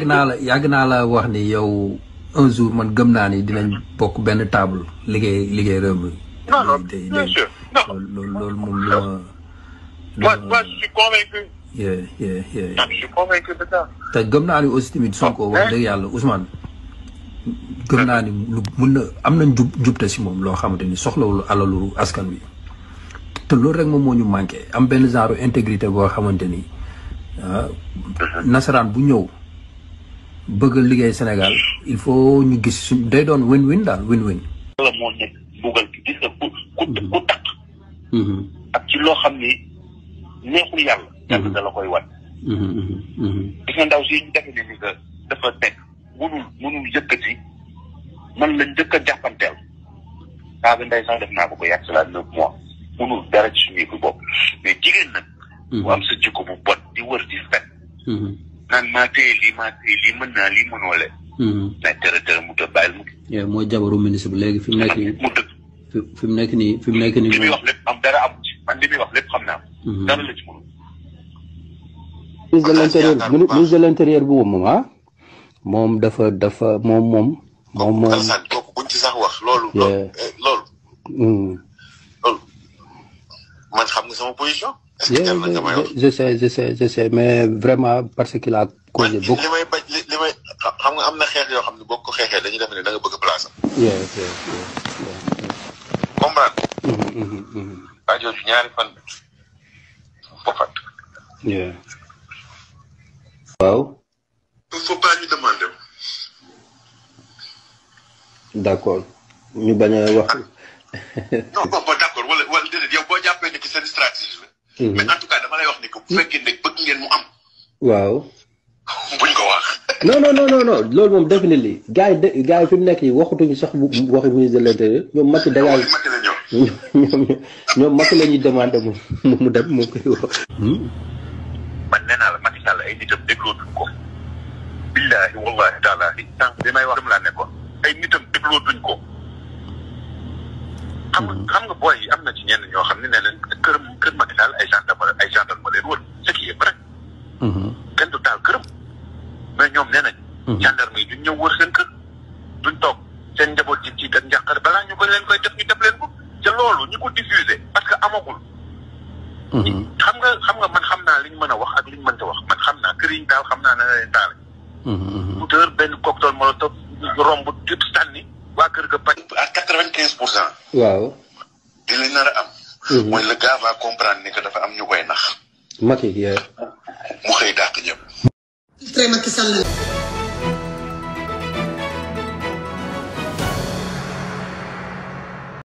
yàgg naa la yàgg naa la wax ni yow un jour man gëm naa ni dinañ bokk benn table liggéey liggéey réew mi. non te gëm naa ni aussi tamit Sonko wax dëgg yàlla Ousmane. gëm naa ni lu mun na am nañ jub jubte si moom loo xamante ni soxlawul alalu askan wi. te loolu rek moom moo ñu manqué am benn genre intégrité boo xamante ni ah, mhm. nasaraan bu ñëw. bëgg a liggéey Sénégal il faut ñu gis day doon win-win daal win-win. ku ku mm-hmm. ku mm-hmm. ak ci loo xam ni neexul yàlla. Mm-hmm. yàlla da la koy wan. gis nga ndaw si ñu defe ni que dafa teg mënul mënul yëkkati man la njëkk a jàppanteel. saa bi ndey sax def naa ko ba yàgg si la neuf mois mënul dara ci suñu yëngu bopp mais jigéen nag. bu am sa bu bon di wër di fet. naan maa téye lii maa téye lii mën naa lii mënoo leen. nañ tere tere mu tëb bàyyil mu. yow mooy jabaru ministre bi léegi fi mu nekk nii. mu tëb fi mu nekk nii fi mu nekk nii. li muy wax lépp am dara am ci man li muy wax lépp xam naa ko. Hmm. dara la ci mënul. ministre de l'intérieur ministre de l'intérieur bu moom ah. moom dafa dafa moom moom. moom moom alxan kooku buñ ci sax wax loolu. loolu eh, hmm. loolu. man xam nga sama position. je sais je sais je sais mais vraiment parce que a causé beaucoup. li may bañ li may xam nga am na xeex yoo xam ne boo ko xeexee dañuy def ne da nga place am. yes mm-hmm, mm-hmm, mm-hmm. waaw. il faut pas d'accord ñu bañ a wax. Ah. non non d'accord wala wala déedéet yow boo Mhm. mais en tout bu fekkee ne bëgg ngeen mu am. waaw. buñ ko wax. non non non non loolu moom def na lii yi de gars yi fi mu nekk yi waxatuñu sax bu waxi ministre de l'intérieur ñoom Macky dégage. ñoom ñoom la ñuy demandé mu mu dem mu koy wax. Hmm? man nee naa la Macky Sall ay nitam déglootuñ ko. billaahi wallaahi taalaahi tànk bi may wax laa nekkoon ay nitam déglootuñ ko. xam nga hmm. xam nga booy yi am na ci ñenn ñoo xam ne nee nañ kër kër Mm-hmm. kenn du taal këram mais ñoom nee nañ. Mm-hmm. gendarme yi duñ ñëw wër seen kër duñ toog seen njaboot ci ci ak njàqare balaa ñu ko leen koy def ñu def leen ko te loolu ñu ko diffuser parce que amagul. Mm-hmm. xam nga xam nga man xam naa li ñu mën a wax ak li ñu mënta wax man xam naa kër yi ñu taal xam naa ne la leen taal. puudar benn cocktail molotov romb jub sànni waa kër ga pañ à quatre vingt quinze pour cent. waaw. di li a am. mooy le gars va comprendre ni que dafa am ñu koy nax. Macky Macky Sall la